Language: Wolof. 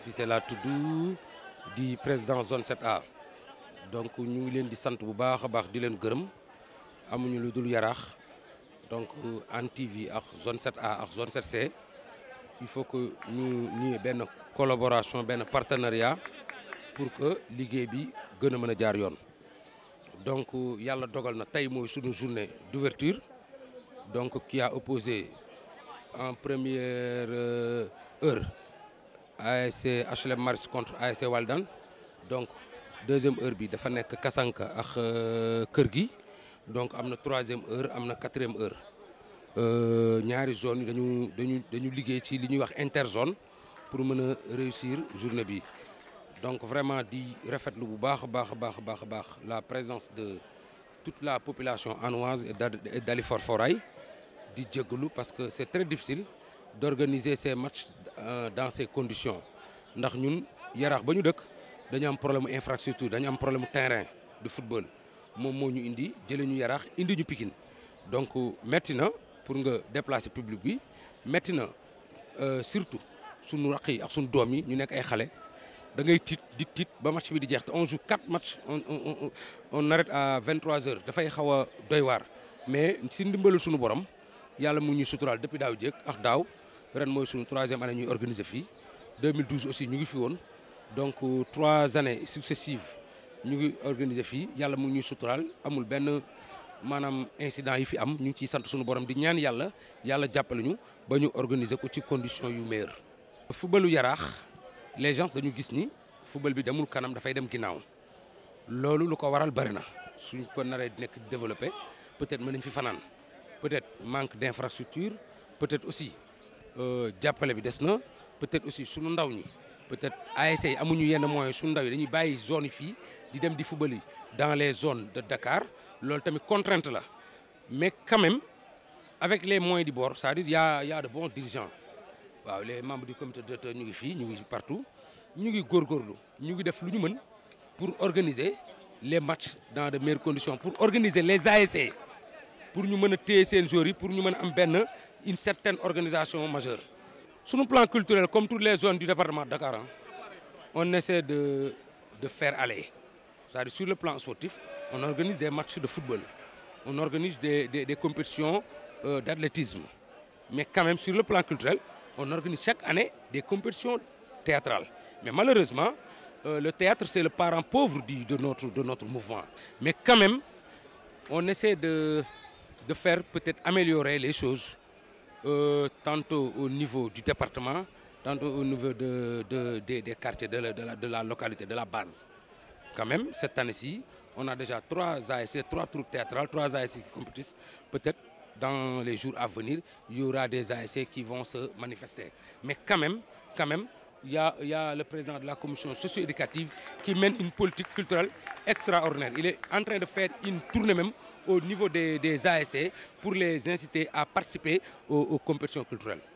Si c'est la toudou du président zone 7A donc nous ngi leen di de bu baax baax di leen gëreum amuñu donc en TV ak zone 7A ak zone 7C il faut que nous ayons une collaboration un partenariat pour que gagne bi gëna mëna y a jaar yoon donc yalla dogal na taïmo suñu journée d'ouverture donc qui a opposé en première euh, heure ASC HLM Mars contre ASC Waldan donc deuxième heure bi dafa avec Kasanka ak euh, kër donc am a troisième heure et na quatrième heure euh, ñaari zone une dañu dañu dañu liggéey ci interzone pour réussir réussir journée bi donc vraiment di refais bu la présence de toute la population anoise et d'Alifor Foray parce que c'est très difficile d'organiser ces matchs euh, dans ces conditions ndax ñun yarax bañu dëkk dañu am problème infrastructure dañu am problème terrain de football Mom moo ñu indi jëlee ñu yaraax indi ñu Pikine donc metti na pour nga déplacer public bi metti na euh surtout suñu raq ak suñu doom yi ñu nekk ay xalé da ngay tit di tit ba match bi di jeex te on joue quatre matchs on on on arrête à 23 heures da fay xawa doy war mais si ndimbalu suñu borom yalla mu ñu suturaal depuis daw jéeg ak daw ren mooy suñu troisième année ñuy organiser fi 2012 aussi ñu ngi fi won donc euh, trois années successives ñu ngi organiser fi yalla mu ñuy sutural amul ben manam incident yi fi am ñu ci ciy sant suñu borom di ñaan yalla yalla jàppale ñu ba ñu organiser ko ci condition yu meilleure footballu yarax les gens dañu gis ni football bi demul kanam fay dem ginaaw lolu lu ko waral bari na suñ ko naree nek développer peut-être mën nañ fi peut-être manque d'infrastructure peut-être aussi euh, jàppale bi dess na peut-être aussi suñu ndaw ñi peut-être ASC yi amuñu yenn moyen suñu ndaw dañuy bayyi zone fi di dem di fubal yi dans les zones de Dakar lool tamit contrainte la mais quand même avec les moyens du bord c'est-à-dire y a y a de bons dirigeants waaw les membres du comité directeur ñu ngi fi ñu ngi partout ñu ngi gorlu ñu ngi def luñu mën pour organiser les matchs dans de meilleures conditions pour organiser les ASC pour ñu mën a téye seen joueurs yi pour ñu mën en am une certaine organisation majeure. Sur le plan culturel, comme toutes les zones du département de hein, on essaie de, faire aller. sur le plan sportif, on organise des matchs de football, on organise des, compétitions euh, d'athlétisme. Mais quand même sur le plan culturel, on organise chaque année des compétitions théâtrales. Mais malheureusement, euh, le théâtre, c'est le parent pauvre de, notre, de notre mouvement. Mais quand même, on essaie de, de faire peut-être améliorer les choses euh, tantôt au niveau du département, tantôt au niveau des quartiers de la, localité, de la base. Quand même, cette année-ci, on a déjà trois ASC, trois troupes théâtrales, trois ASC qui compétissent. Peut-être dans les jours à venir, il y aura des ASC qui vont se manifester. Mais quand même, quand même, il y, a, le président de la commission socio-éducative qui mène une politique culturelle extraordinaire. Il est en train de faire une tournée même au niveau des, ASC e pour les inciter à participer aux compétitions culturelles.